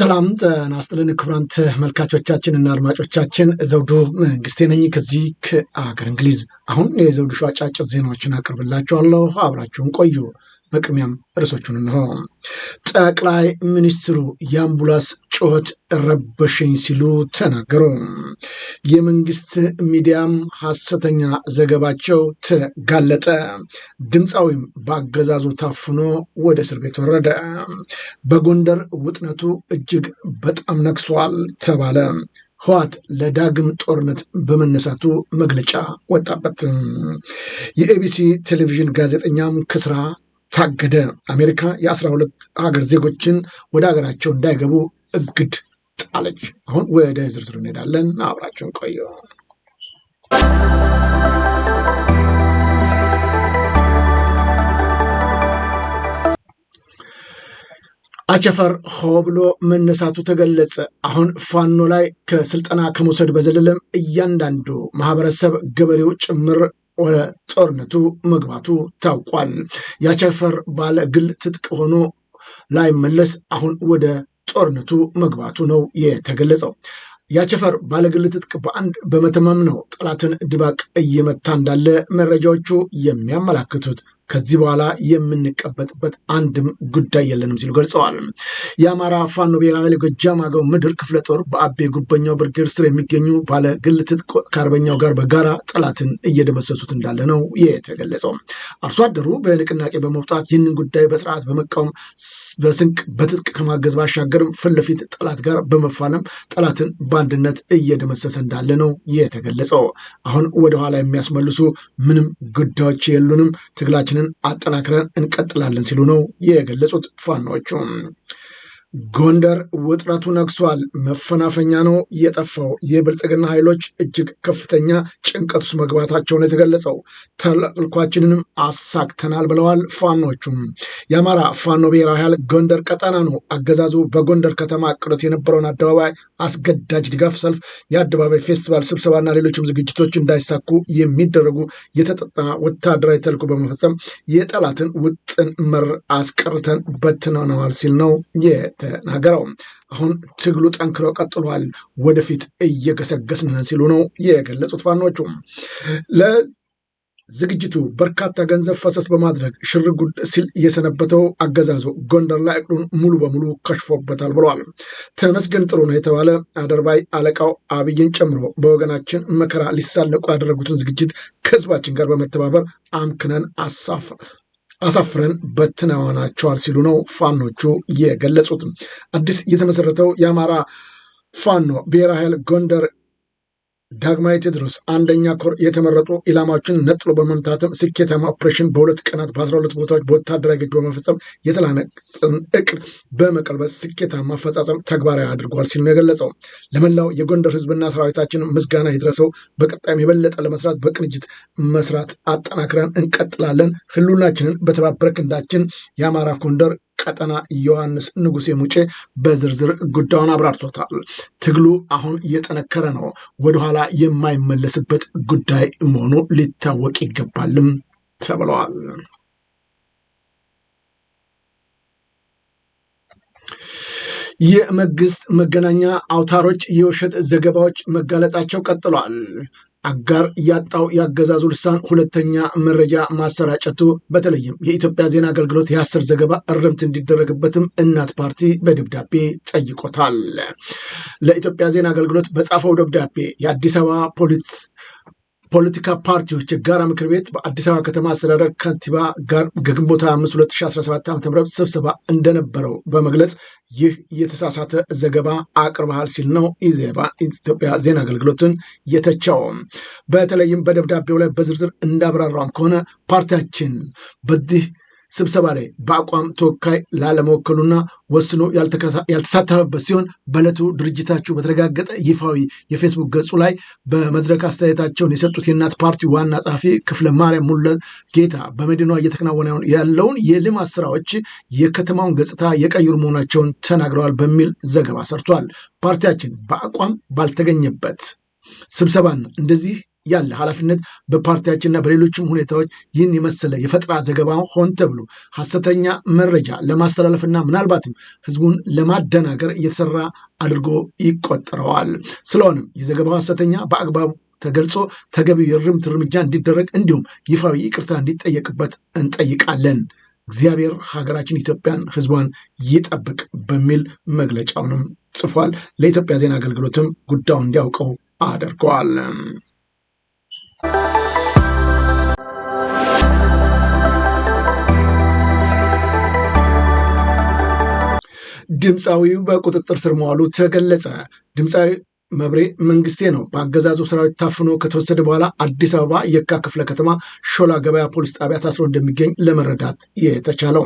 ሰላም ጤና ይስጥልን ክቡራን እና አድማጮቻችን ዘውዱ መንግስቴ ነኝ ከዚህ ከአገር እንግሊዝ። አሁን የዘውዱ ሾው አጫጭር ዜናዎችን አቀርብላችኋለሁ። አብራችሁን ቆዩ። በቅሚያም ርዕሶቹን እንሆ። ጠቅላይ ሚኒስትሩ የአምቡላንስ ጩኸት ረበሸኝ ሲሉ ተናገሩ። የመንግስት ሚዲያም ሀሰተኛ ዘገባቸው ተጋለጠ። ድምፃዊም በአገዛዙ ታፍኖ ወደ እስር ቤት ወረደ። በጎንደር ውጥነቱ እጅግ በጣም ነግሷል ተባለ። ህዋት ለዳግም ጦርነት በመነሳቱ መግለጫ ወጣበት። የኤቢሲ ቴሌቪዥን ጋዜጠኛም ከስራ ታገደ። አሜሪካ የአስራ ሁለት ሀገር ዜጎችን ወደ ሀገራቸው እንዳይገቡ እግድ ጣለች። አሁን ወደ ዝርዝር እንሄዳለን። አብራችሁን ቆዩ። አቸፈር ሆ ብሎ መነሳቱ ተገለጸ። አሁን ፋኖ ላይ ከስልጠና ከመውሰድ በዘለለም እያንዳንዱ ማህበረሰብ ገበሬው ጭምር ወደ ጦርነቱ መግባቱ ታውቋል። ያቸፈር ባለ ግል ትጥቅ ሆኖ ላይመለስ አሁን ወደ ጦርነቱ መግባቱ ነው የተገለጸው። ያቸፈር ባለግል ትጥቅ በአንድ በመተማም ነው ጠላትን ድባቅ እየመታ እንዳለ መረጃዎቹ የሚያመላክቱት። ከዚህ በኋላ የምንቀበጥበት አንድም ጉዳይ የለንም ሲሉ ገልጸዋል። የአማራ ፋኖ ብሔራዊ ኃይል ጎጃም አገው ምድር ክፍለ ጦር በአቤ ጉበኛው ብርጌድ ስር የሚገኙ ባለ ግል ትጥቅ ከአርበኛው ጋር በጋራ ጠላትን እየደመሰሱት እንዳለ ነው የተገለጸው። አርሶ አደሩ በንቅናቄ በመውጣት ይህንን ጉዳይ በስርዓት በመቃወም በስንቅ በትጥቅ ከማገዝ ባሻገርም ፊት ለፊት ጠላት ጋር በመፋለም ጠላትን በአንድነት እየደመሰሰ እንዳለ ነው የተገለጸው። አሁን ወደኋላ የሚያስመልሱ ምንም ጉዳዮች የሉንም። ትግላችንን ትግላችንን አጠናክረን እንቀጥላለን ሲሉ ነው የገለጹት ፋኖቹ። ጎንደር ውጥረቱ ነግሷል። መፈናፈኛ ነው የጠፋው። የብልጽግና ኃይሎች እጅግ ከፍተኛ ጭንቀት ውስጥ መግባታቸውን የተገለጸው ተልዕኳችንንም አሳክተናል ብለዋል። ፋኖቹም የአማራ ፋኖ ብሔራዊ ኃይል ጎንደር ቀጠና ነው። አገዛዙ በጎንደር ከተማ አቅዶት የነበረውን አደባባይ አስገዳጅ ድጋፍ ሰልፍ፣ የአደባባይ ፌስቲቫል፣ ስብሰባና ሌሎችም ዝግጅቶች እንዳይሳኩ የሚደረጉ የተጠና ወታደራዊ ተልኩ በመፈጸም የጠላትን ውጥን መር አስቀርተን በትነነዋል ሲል ነው ተናገረው። አሁን ትግሉ ጠንክሮ ቀጥሏል፣ ወደፊት እየገሰገስን ሲሉ ነው የገለጹት ፋኖቹ ዝግጅቱ በርካታ ገንዘብ ፈሰስ በማድረግ ሽርጉድ ሲል እየሰነበተው አገዛዙ ጎንደር ላይ እቅዱን ሙሉ በሙሉ ከሽፎበታል ብለዋል። ተመስገን ጥሩ ነው የተባለ አደርባይ አለቃው አብይን ጨምሮ በወገናችን መከራ ሊሳለቁ ያደረጉትን ዝግጅት ከህዝባችን ጋር በመተባበር አምክነን አሳፍ አሳፍረን በትነዋናቸዋል ሲሉ ነው ፋኖቹ የገለጹት። አዲስ የተመሰረተው የአማራ ፋኖ ብሔራዊ ኃይል ጎንደር ዳግማዊ ቴዎድሮስ አንደኛ ኮር የተመረጡ ኢላማዎችን ነጥሎ በመምታትም ስኬታማ ኦፕሬሽን በሁለት ቀናት በአስራ ሁለት ቦታዎች በወታደራዊ ግብ በመፈጸም የተላነጠን እቅድ በመቀልበስ ስኬታማ አፈጻጸም ተግባራዊ አድርጓል ሲል ነው የገለጸው። ለመላው የጎንደር ህዝብና ሰራዊታችን ምስጋና ይድረሰው። በቀጣይም የበለጠ ለመስራት በቅንጅት መስራት አጠናክረን እንቀጥላለን። ህሉናችንን በተባበረ ክንዳችን የአማራ ጎንደር ቀጠና ዮሐንስ ንጉሴ ሙጬ በዝርዝር ጉዳዩን አብራርቶታል። ትግሉ አሁን እየጠነከረ ነው፣ ወደኋላ የማይመለስበት ጉዳይ መሆኑ ሊታወቅ ይገባልም ተብለዋል። የመንግስት መገናኛ አውታሮች የውሸት ዘገባዎች መጋለጣቸው ቀጥሏል። አጋር ያጣው የአገዛዙ ልሳን ሁለተኛ መረጃ ማሰራጨቱ በተለይም የኢትዮጵያ ዜና አገልግሎት የአስር ዘገባ እርምት እንዲደረግበትም እናት ፓርቲ በደብዳቤ ጠይቆታል። ለኢትዮጵያ ዜና አገልግሎት በጻፈው ደብዳቤ የአዲስ አበባ ፖሊስ ፖለቲካ ፓርቲዎች የጋራ ምክር ቤት በአዲስ አበባ ከተማ አስተዳደር ከንቲባ ጋር ከግንቦት 5 2017 ዓ ም ስብሰባ እንደነበረው በመግለጽ ይህ የተሳሳተ ዘገባ አቅርበሃል ሲል ነው ኢትዮጵያ ዜና አገልግሎትን የተቸው። በተለይም በደብዳቤው ላይ በዝርዝር እንዳብራራም ከሆነ ፓርቲያችን በዚህ ስብሰባ ላይ በአቋም ተወካይ ላለመወከሉና ወስኖ ያልተሳተፈበት ሲሆን በዕለቱ ድርጅታችሁ በተረጋገጠ ይፋዊ የፌስቡክ ገጹ ላይ በመድረክ አስተያየታቸውን የሰጡት የእናት ፓርቲ ዋና ጸሐፊ ክፍለ ማርያም ጌታ በመዲናዋ እየተከናወነ ያለውን የልማት ስራዎች የከተማውን ገጽታ የቀየሩ መሆናቸውን ተናግረዋል በሚል ዘገባ ሰርቷል። ፓርቲያችን በአቋም ባልተገኘበት ስብሰባና እንደዚህ ያለ ኃላፊነት በፓርቲያችንና በሌሎችም ሁኔታዎች ይህን የመሰለ የፈጠራ ዘገባ ሆን ተብሎ ሀሰተኛ መረጃ ለማስተላለፍና ምናልባትም ህዝቡን ለማደናገር እየተሰራ አድርጎ ይቆጠረዋል። ስለሆነም የዘገባው ሀሰተኛ በአግባቡ ተገልጾ ተገቢው የርምት እርምጃ እንዲደረግ እንዲሁም ይፋዊ ይቅርታ እንዲጠየቅበት እንጠይቃለን። እግዚአብሔር ሀገራችን ኢትዮጵያን ህዝቧን ይጠብቅ በሚል መግለጫውንም ጽፏል። ለኢትዮጵያ ዜና አገልግሎትም ጉዳዩ እንዲያውቀው አድርገዋል። ድምፃዊው በቁጥጥር ስር መዋሉ ተገለጸ። ድምፃዊ መብሬ መንግስቴ ነው በአገዛዙ ሰራዊት ታፍኖ ከተወሰደ በኋላ አዲስ አበባ የካ ክፍለ ከተማ ሾላ ገበያ ፖሊስ ጣቢያ ታስሮ እንደሚገኝ ለመረዳት የተቻለው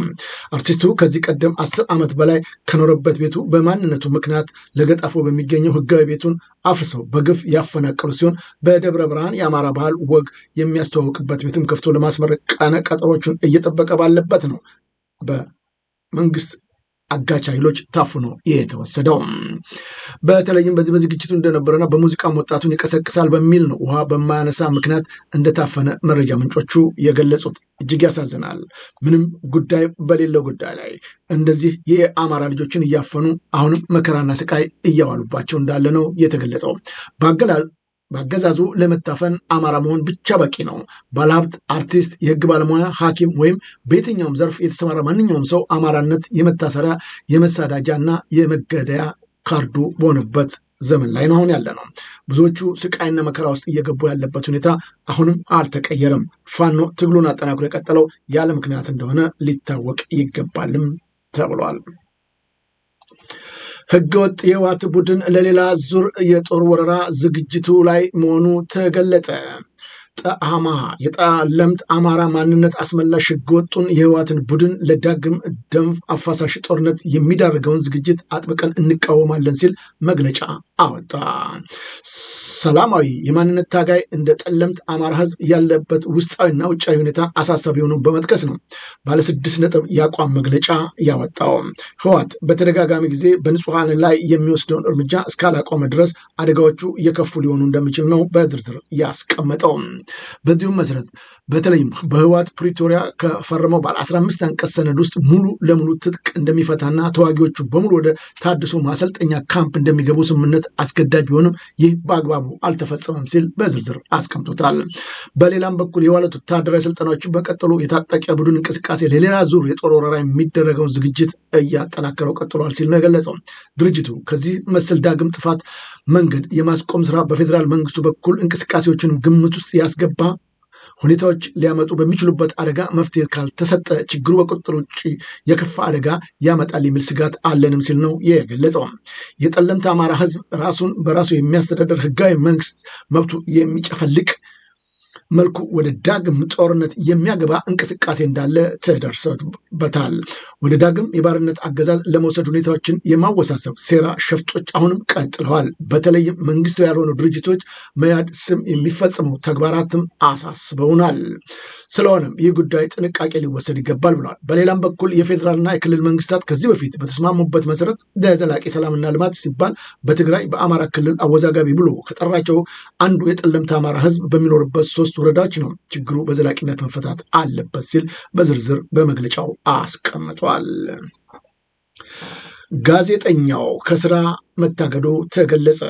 አርቲስቱ ከዚህ ቀደም አስር ዓመት በላይ ከኖረበት ቤቱ በማንነቱ ምክንያት ለገጣፎ በሚገኘው ህጋዊ ቤቱን አፍርሰው በግፍ ያፈናቀሉ ሲሆን በደብረ ብርሃን የአማራ ባህል ወግ የሚያስተዋውቅበት ቤትም ከፍቶ ለማስመረቅ ቀነ ቀጠሮቹን እየጠበቀ ባለበት ነው በመንግስት አጋች ኃይሎች ታፍኖ የተወሰደው በተለይም በዚህ በዝግጅቱ እንደነበረና በሙዚቃም ወጣቱን ይቀሰቅሳል በሚል ነው ውሃ በማያነሳ ምክንያት እንደታፈነ መረጃ ምንጮቹ የገለጹት። እጅግ ያሳዝናል። ምንም ጉዳይ በሌለው ጉዳይ ላይ እንደዚህ የአማራ ልጆችን እያፈኑ አሁንም መከራና ስቃይ እያዋሉባቸው እንዳለ ነው የተገለጸው። በአገዛዙ ለመታፈን አማራ መሆን ብቻ በቂ ነው። ባለሀብት፣ አርቲስት፣ የህግ ባለሙያ፣ ሐኪም ወይም በየትኛውም ዘርፍ የተሰማራ ማንኛውም ሰው አማራነት የመታሰሪያ የመሳዳጃ እና የመገደያ ካርዱ በሆነበት ዘመን ላይ ነው አሁን ያለ ነው። ብዙዎቹ ስቃይና መከራ ውስጥ እየገቡ ያለበት ሁኔታ አሁንም አልተቀየረም። ፋኖ ትግሉን አጠናክሮ የቀጠለው ያለ ምክንያት እንደሆነ ሊታወቅ ይገባልም ተብሏል። ህገወጥ የህወሓት ቡድን ለሌላ ዙር የጦር ወረራ ዝግጅቱ ላይ መሆኑ ተገለጠ። ጠአማ የጠለምት አማራ ማንነት አስመላሽ ህገወጡን የህወሓትን ቡድን ለዳግም ደም አፋሳሽ ጦርነት የሚዳርገውን ዝግጅት አጥብቀን እንቃወማለን ሲል መግለጫ አወጣ። ሰላማዊ የማንነት ታጋይ እንደ ጠለምት አማራ ህዝብ ያለበት ውስጣዊና ውጫዊ ሁኔታ አሳሳቢ ሆኖ በመጥቀስ ነው ባለስድስት ነጥብ የአቋም መግለጫ ያወጣው። ህወሓት በተደጋጋሚ ጊዜ በንጹሐን ላይ የሚወስደውን እርምጃ እስካላቆመ ድረስ አደጋዎቹ እየከፉ ሊሆኑ እንደሚችል ነው በዝርዝር ያስቀመጠው። በዚሁም መሰረት በተለይም በህወሓት ፕሪቶሪያ ከፈረመው ባለ 15 አንቀጽ ሰነድ ውስጥ ሙሉ ለሙሉ ትጥቅ እንደሚፈታና ተዋጊዎቹ በሙሉ ወደ ታድሶ ማሰልጠኛ ካምፕ እንደሚገቡ ስምምነት አስገዳጅ ቢሆንም ይህ በአግባቡ አልተፈጸመም ሲል በዝርዝር አስቀምጦታል። በሌላም በኩል የዋለት ወታደራዊ ስልጠናዎች በቀጠሉ የታጠቀ ቡድን እንቅስቃሴ ለሌላ ዙር የጦር ወረራ የሚደረገውን ዝግጅት እያጠናከረው ቀጥሏል ሲል ነው የገለጸው። ድርጅቱ ከዚህ መሰል ዳግም ጥፋት መንገድ የማስቆም ስራ በፌዴራል መንግስቱ በኩል እንቅስቃሴዎችን ግምት ውስጥ ያስ እያስገባ ሁኔታዎች ሊያመጡ በሚችሉበት አደጋ መፍትሄ ካልተሰጠ ችግሩ በቁጥጥር ውጭ የከፋ አደጋ ያመጣል የሚል ስጋት አለንም ሲል ነው የገለጸው። የጠለምት አማራ ህዝብ ራሱን በራሱ የሚያስተዳደር ህጋዊ መንግስት መብቱ የሚጨፈልቅ መልኩ ወደ ዳግም ጦርነት የሚያገባ እንቅስቃሴ እንዳለ ተደርሰበታል። ወደ ዳግም የባርነት አገዛዝ ለመውሰድ ሁኔታዎችን የማወሳሰብ ሴራ ሸፍጦች አሁንም ቀጥለዋል። በተለይም መንግስቱ ያልሆኑ ድርጅቶች መያድ ስም የሚፈጽሙ ተግባራትም አሳስበውናል። ስለሆነም ይህ ጉዳይ ጥንቃቄ ሊወሰድ ይገባል ብለዋል። በሌላም በኩል የፌዴራልና የክልል መንግስታት ከዚህ በፊት በተስማሙበት መሰረት ለዘላቂ ሰላምና ልማት ሲባል በትግራይ በአማራ ክልል አወዛጋቢ ብሎ ከጠራቸው አንዱ የጠለምት አማራ ህዝብ በሚኖርበት ሶስት ወረዳዎች ነው። ችግሩ በዘላቂነት መፈታት አለበት ሲል በዝርዝር በመግለጫው አስቀምጧል። ጋዜጠኛው ከስራ መታገዱ ተገለጸ።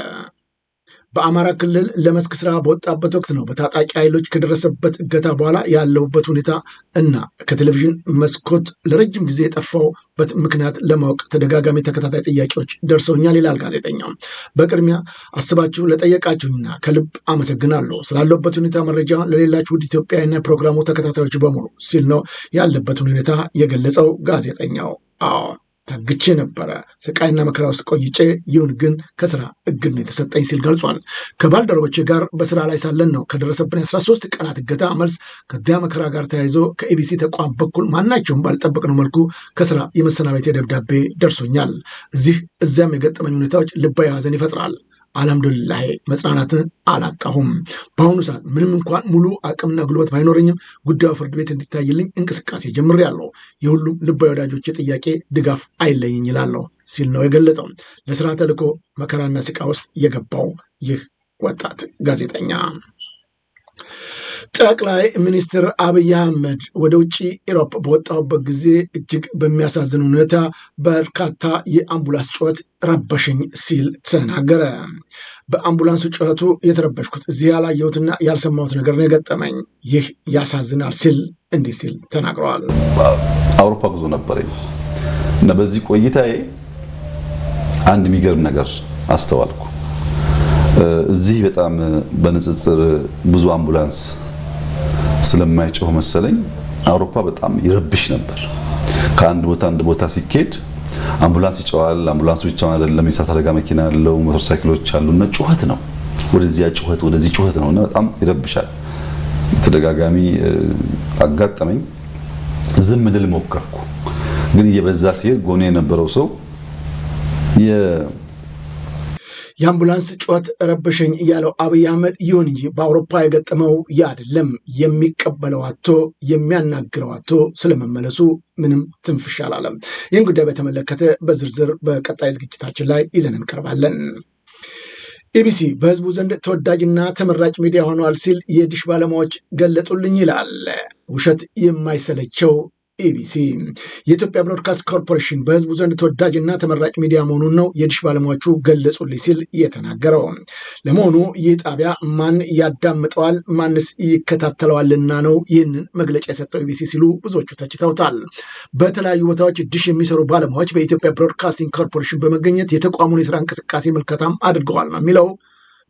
በአማራ ክልል ለመስክ ስራ በወጣበት ወቅት ነው በታጣቂ ኃይሎች ከደረሰበት እገታ በኋላ ያለሁበት ሁኔታ እና ከቴሌቪዥን መስኮት ለረጅም ጊዜ የጠፋውበት ምክንያት ለማወቅ ተደጋጋሚ ተከታታይ ጥያቄዎች ደርሰውኛል ይላል ጋዜጠኛው። በቅድሚያ አስባችሁ ለጠየቃችሁኝና ከልብ አመሰግናለሁ። ስላለበት ሁኔታ መረጃ ለሌላችሁ ውድ ኢትዮጵያና ፕሮግራሙ ተከታታዮች በሙሉ ሲል ነው ያለበትን ሁኔታ የገለጸው ጋዜጠኛው። አዎ ታግቼ ነበረ። ስቃይና መከራ ውስጥ ቆይቼ ይሁን ግን ከስራ እግድ ነው የተሰጠኝ ሲል ገልጿል። ከባልደረቦቼ ጋር በስራ ላይ ሳለን ነው ከደረሰብን የ13 ቀናት እገታ መልስ ከዚያ መከራ ጋር ተያይዞ ከኢቢሲ ተቋም በኩል ማናቸውም ባልጠበቅነው መልኩ ከስራ የመሰናበቴ ደብዳቤ ደርሶኛል። እዚህ እዚያም የገጠመኝ ሁኔታዎች ልባዊ ሐዘን ይፈጥራል። አልሐምዱሊላህ መጽናናትን አላጣሁም። በአሁኑ ሰዓት ምንም እንኳን ሙሉ አቅምና ጉልበት ባይኖረኝም ጉዳዩ ፍርድ ቤት እንዲታይልኝ እንቅስቃሴ ጀምሬያለሁ። የሁሉም ልባዊ ወዳጆች ጥያቄ ድጋፍ አይለኝኝ ይላለሁ ሲል ነው የገለጠው። ለስራ ተልኮ መከራና ስቃ ውስጥ የገባው ይህ ወጣት ጋዜጠኛ ጠቅላይ ሚኒስትር አብይ አህመድ ወደ ውጭ ኢሮፕ በወጣሁበት ጊዜ እጅግ በሚያሳዝን ሁኔታ በርካታ የአምቡላንስ ጩኸት ረበሸኝ ሲል ተናገረ። በአምቡላንስ ጩኸቱ የተረበሽኩት እዚህ ያላየሁትና ያልሰማሁት ነገር ነው የገጠመኝ። ይህ ያሳዝናል ሲል እንዲህ ሲል ተናግረዋል። አውሮፓ ጉዞ ነበረኝ እና በዚህ ቆይታዬ አንድ የሚገርም ነገር አስተዋልኩ። እዚህ በጣም በንጽጽር ብዙ አምቡላንስ ስለማይጮህ መሰለኝ አውሮፓ በጣም ይረብሽ ነበር። ከአንድ ቦታ አንድ ቦታ ሲኬድ አምቡላንስ ይጨዋል አምቡላንሱ ብቻውን አይደለም፣ የእሳት አደጋ መኪና ያለው፣ ሞተር ሳይክሎች አሉና ጩኸት ነው። ወደዚያ ጩኸት ወደዚህ ጩኸት ነውና በጣም ይረብሻል። ተደጋጋሚ አጋጠመኝ። ዝም ልል ሞከርኩ፣ ግን እየበዛ ሲሄድ ጎኔ የነበረው ሰው የአምቡላንስ ጩኸት ረበሸኝ ያለው አብይ አህመድ ይሁን እንጂ በአውሮፓ የገጠመው ያደለም የሚቀበለው አቶ የሚያናግረው አቶ ስለመመለሱ ምንም ትንፍሽ አላለም። ይህን ጉዳይ በተመለከተ በዝርዝር በቀጣይ ዝግጅታችን ላይ ይዘን እንቀርባለን። ኢቢሲ በህዝቡ ዘንድ ተወዳጅና ተመራጭ ሚዲያ ሆኗል ሲል የዲሽ ባለሙያዎች ገለጡልኝ ይላል። ውሸት የማይሰለቸው ኢቢሲ የኢትዮጵያ ብሮድካስት ኮርፖሬሽን በህዝቡ ዘንድ ተወዳጅና ተመራጭ ሚዲያ መሆኑን ነው የድሽ ባለሙያዎቹ ገለጹልኝ ሲል የተናገረው። ለመሆኑ ይህ ጣቢያ ማን ያዳምጠዋል? ማንስ ይከታተለዋልና ነው ይህንን መግለጫ የሰጠው ኢቢሲ ሲሉ ብዙዎቹ ተችተውታል። በተለያዩ ቦታዎች ድሽ የሚሰሩ ባለሙያዎች በኢትዮጵያ ብሮድካስቲንግ ኮርፖሬሽን በመገኘት የተቋሙን የስራ እንቅስቃሴ ምልከታም አድርገዋል ነው የሚለው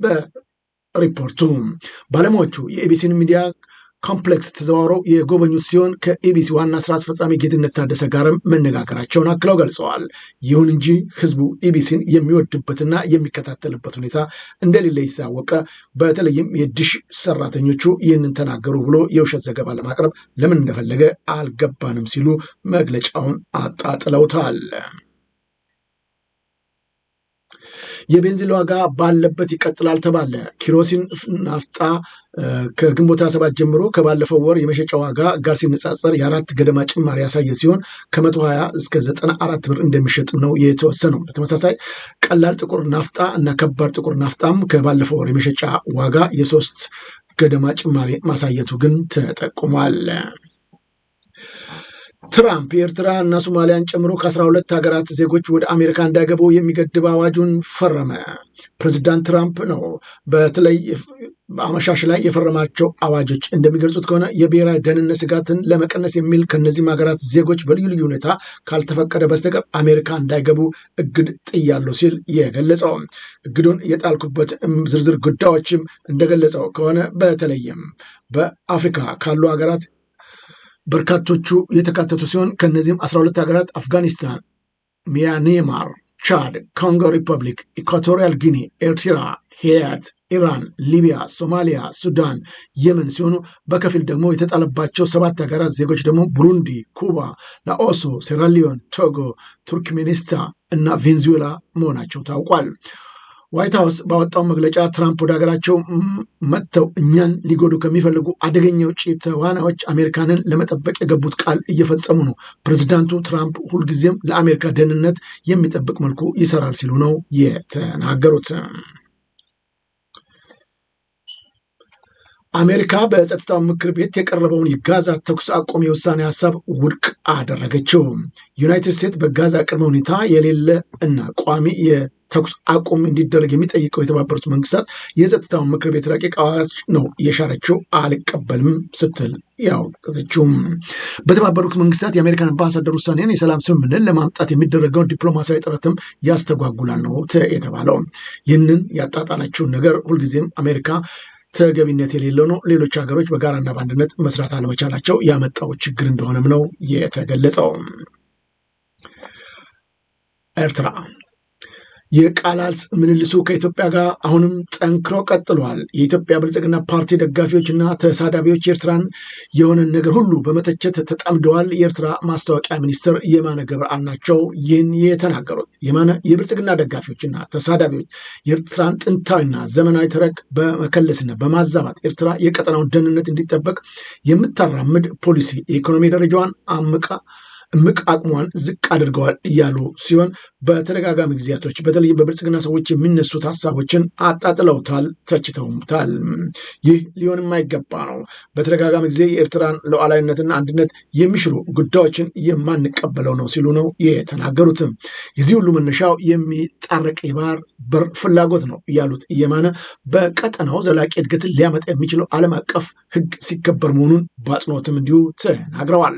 በሪፖርቱ ባለሙያዎቹ የኤቢሲን ሚዲያ ኮምፕሌክስ ተዘዋውረው የጎበኙት ሲሆን ከኢቢሲ ዋና ስራ አስፈጻሚ ጌትነት ታደሰ ጋርም መነጋገራቸውን አክለው ገልጸዋል። ይሁን እንጂ ህዝቡ ኢቢሲን የሚወድበትና የሚከታተልበት ሁኔታ እንደሌለ የተታወቀ በተለይም የዲሽ ሰራተኞቹ ይህንን ተናገሩ ብሎ የውሸት ዘገባ ለማቅረብ ለምን እንደፈለገ አልገባንም ሲሉ መግለጫውን አጣጥለውታል። የቤንዚን ዋጋ ባለበት ይቀጥላል ተባለ። ኪሮሲን ናፍጣ ከግንቦት ሰባት ጀምሮ ከባለፈው ወር የመሸጫ ዋጋ ጋር ሲነጻጸር የአራት ገደማ ጭማሪ ያሳየ ሲሆን ከመቶ ሀያ እስከ ዘጠና አራት ብር እንደሚሸጥ ነው የተወሰነው። በተመሳሳይ ቀላል ጥቁር ናፍጣ እና ከባድ ጥቁር ናፍጣም ከባለፈው ወር የመሸጫ ዋጋ የሶስት ገደማ ጭማሪ ማሳየቱ ግን ተጠቁሟል። ትራምፕ ኤርትራ እና ሶማሊያን ጨምሮ ከአስራ ሁለት ሀገራት ዜጎች ወደ አሜሪካ እንዳይገቡ የሚገድብ አዋጁን ፈረመ። ፕሬዚዳንት ትራምፕ ነው በተለይ አመሻሽ ላይ የፈረማቸው አዋጆች እንደሚገልጹት ከሆነ የብሔራዊ ደህንነት ስጋትን ለመቀነስ የሚል ከነዚህም ሀገራት ዜጎች በልዩ ልዩ ሁኔታ ካልተፈቀደ በስተቀር አሜሪካ እንዳይገቡ እግድ ጥያለሁ ሲል የገለጸው እግዱን የጣልኩበት ዝርዝር ጉዳዮችም እንደገለጸው ከሆነ በተለይም በአፍሪካ ካሉ ሀገራት በርካቶቹ የተካተቱ ሲሆን ከእነዚህም 12 ሀገራት አፍጋኒስታን፣ ሚያንማር፣ ቻድ፣ ኮንጎ ሪፐብሊክ፣ ኢኳቶሪያል ጊኒ፣ ኤርትራ፣ ሄያት፣ ኢራን፣ ሊቢያ፣ ሶማሊያ፣ ሱዳን፣ የመን ሲሆኑ በከፊል ደግሞ የተጣለባቸው ሰባት ሀገራት ዜጎች ደግሞ ቡሩንዲ፣ ኩባ፣ ላኦሶ፣ ሴራሊዮን፣ ቶጎ፣ ቱርክሜኒስታን እና ቬንዙዌላ መሆናቸው ታውቋል። ዋይት ሀውስ ባወጣው መግለጫ ትራምፕ ወደ ሀገራቸው መጥተው እኛን ሊጎዱ ከሚፈልጉ አደገኛ ውጭ ተዋናዮች አሜሪካንን ለመጠበቅ የገቡት ቃል እየፈጸሙ ነው። ፕሬዚዳንቱ ትራምፕ ሁልጊዜም ለአሜሪካ ደህንነት የሚጠብቅ መልኩ ይሰራል ሲሉ ነው የተናገሩት። አሜሪካ በጸጥታው ምክር ቤት የቀረበውን የጋዛ ተኩስ አቁም የውሳኔ ሀሳብ ውድቅ አደረገችው። ዩናይትድ ስቴትስ በጋዛ ቅድመ ሁኔታ የሌለ እና ቋሚ የተኩስ አቁም እንዲደረግ የሚጠይቀው የተባበሩት መንግስታት የጸጥታው ምክር ቤት ረቂቅ አዋጅ ነው የሻረችው፣ አልቀበልም ስትል ያወገዘችው። በተባበሩት መንግስታት የአሜሪካን አምባሳደር ውሳኔን የሰላም ስምምነት ለማምጣት የሚደረገውን ዲፕሎማሲያዊ ጥረትም ያስተጓጉላል ነው የተባለው። ይህንን ያጣጣላችውን ነገር ሁልጊዜም አሜሪካ ተገቢነት የሌለው ነው። ሌሎች ሀገሮች በጋራና በአንድነት መስራት አለመቻላቸው ያመጣው ችግር እንደሆነም ነው የተገለጸው። ኤርትራ የቃላት ምልልሱ ከኢትዮጵያ ጋር አሁንም ጠንክሮ ቀጥሏል። የኢትዮጵያ ብልጽግና ፓርቲ ደጋፊዎችና ተሳዳቢዎች ኤርትራን የሆነን ነገር ሁሉ በመተቸት ተጠምደዋል። የኤርትራ ማስታወቂያ ሚኒስትር የማነ ገብረአብ ናቸው ይህን የተናገሩት። የማነ የብልጽግና ደጋፊዎችና ተሳዳቢዎች የኤርትራን ጥንታዊና ዘመናዊ ተረክ በመከለስና በማዛባት ኤርትራ የቀጠናውን ደህንነት እንዲጠበቅ የምታራምድ ፖሊሲ የኢኮኖሚ ደረጃዋን አምቃ እምቅ አቅሟን ዝቅ አድርገዋል እያሉ ሲሆን በተደጋጋሚ ጊዜያቶች በተለይ በብልጽግና ሰዎች የሚነሱት ሀሳቦችን አጣጥለውታል፣ ተችተውታል። ይህ ሊሆን የማይገባ ነው። በተደጋጋሚ ጊዜ የኤርትራን ሉዓላዊነትና አንድነት የሚሽሩ ጉዳዮችን የማንቀበለው ነው ሲሉ ነው የተናገሩትም። የዚህ ሁሉ መነሻው የሚጣረቅ የባህር በር ፍላጎት ነው ያሉት የማነ በቀጠናው ዘላቂ እድገትን ሊያመጣ የሚችለው ዓለም አቀፍ ሕግ ሲከበር መሆኑን በአጽንኦትም እንዲሁ ተናግረዋል።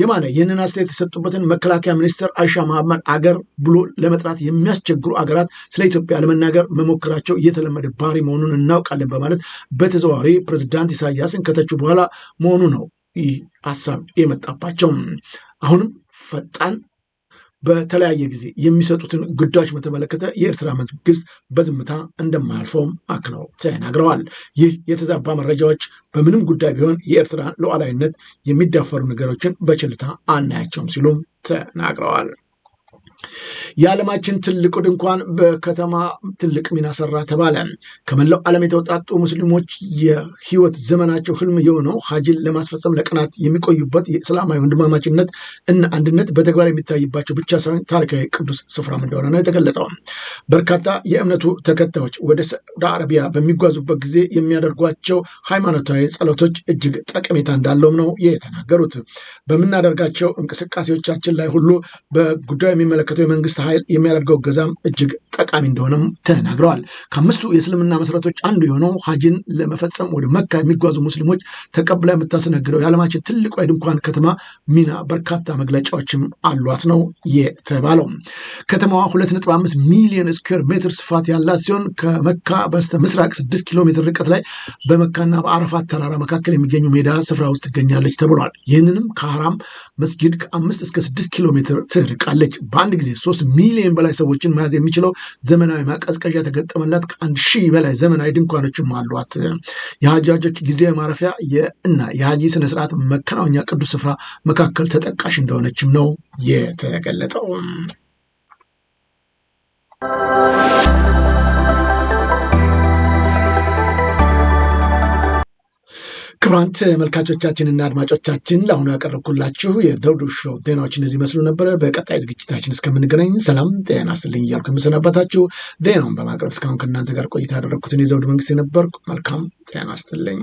የማነ ይህንን አስተያየት የሰጡበትን መከላከያ ሚኒስትር አሻ መሐመድ አገር ብሎ ለመጥራት የሚያስቸግሩ አገራት ስለ ኢትዮጵያ ለመናገር መሞከራቸው እየተለመደ ባህሪ መሆኑን እናውቃለን በማለት በተዘዋዋሪ ፕሬዚዳንት ኢሳያስን ከተቹ በኋላ መሆኑ ነው ይህ ሀሳብ የመጣባቸው አሁንም ፈጣን በተለያየ ጊዜ የሚሰጡትን ጉዳዮች በተመለከተ የኤርትራ መንግስት በዝምታ እንደማያልፈውም አክለው ተናግረዋል። ይህ የተዛባ መረጃዎች በምንም ጉዳይ ቢሆን የኤርትራ ሉዓላዊነት የሚዳፈሩ ነገሮችን በችልታ አናያቸውም ሲሉም ተናግረዋል። የዓለማችን ትልቁ ድንኳን በከተማ ትልቅ ሚና ሰራ ተባለ። ከመላው ዓለም የተውጣጡ ሙስሊሞች የህይወት ዘመናቸው ህልም የሆነው ሀጅን ለማስፈጸም ለቀናት የሚቆዩበት የእስላማዊ ወንድማማችነት እና አንድነት በተግባር የሚታይባቸው ብቻ ሳይሆን ታሪካዊ ቅዱስ ስፍራም እንደሆነ ነው የተገለጠው። በርካታ የእምነቱ ተከታዮች ወደ ሳዑዲ አረቢያ በሚጓዙበት ጊዜ የሚያደርጓቸው ሃይማኖታዊ ጸሎቶች እጅግ ጠቀሜታ እንዳለውም ነው የተናገሩት። በምናደርጋቸው እንቅስቃሴዎቻችን ላይ ሁሉ በጉዳዩ የሚመለከ ለሚመለከተው የመንግስት ኃይል የሚያደርገው እገዛም እጅግ ጠቃሚ እንደሆነም ተናግረዋል። ከአምስቱ የእስልምና መሰረቶች አንዱ የሆነው ሀጅን ለመፈጸም ወደ መካ የሚጓዙ ሙስሊሞች ተቀብላ የምታስነግደው የዓለማችን ትልቋ የድንኳን ከተማ ሚና በርካታ መግለጫዎችም አሏት ነው የተባለው። ከተማዋ 2.5 ሚሊዮን ስኩዌር ሜትር ስፋት ያላት ሲሆን ከመካ በስተ ምስራቅ 6 ኪሎ ሜትር ርቀት ላይ በመካና በአረፋት ተራራ መካከል የሚገኙ ሜዳ ስፍራ ውስጥ ትገኛለች ተብሏል። ይህንንም ከሀራም መስጊድ ከአምስት እስከ ስድስት ኪሎ ሜትር ትርቃለች። በአንድ ጊዜ ሶስት ሚሊዮን በላይ ሰዎችን መያዝ የሚችለው ዘመናዊ ማቀዝቀዣ ተገጠመላት። ከአንድ ሺህ በላይ ዘመናዊ ድንኳኖችም አሏት። የሀጃጆች ጊዜ ማረፊያ እና የሀጂ ስነስርዓት መከናወኛ ቅዱስ ስፍራ መካከል ተጠቃሽ እንደሆነችም ነው የተገለጠው። ክቡራን ተመልካቾቻችንና አድማጮቻችን ለአሁኑ ያቀረብኩላችሁ የዘውዱ ሾው ዜናዎች እነዚህ መስሉ ነበረ። በቀጣይ ዝግጅታችን እስከምንገናኝ ሰላም ጤና ስልኝ እያልኩ የምሰናባታችሁ ዜናውን በማቅረብ እስካሁን ከእናንተ ጋር ቆይታ ያደረግኩትን የዘውዱ መንግስት የነበርኩ መልካም ጤና ስትልኝ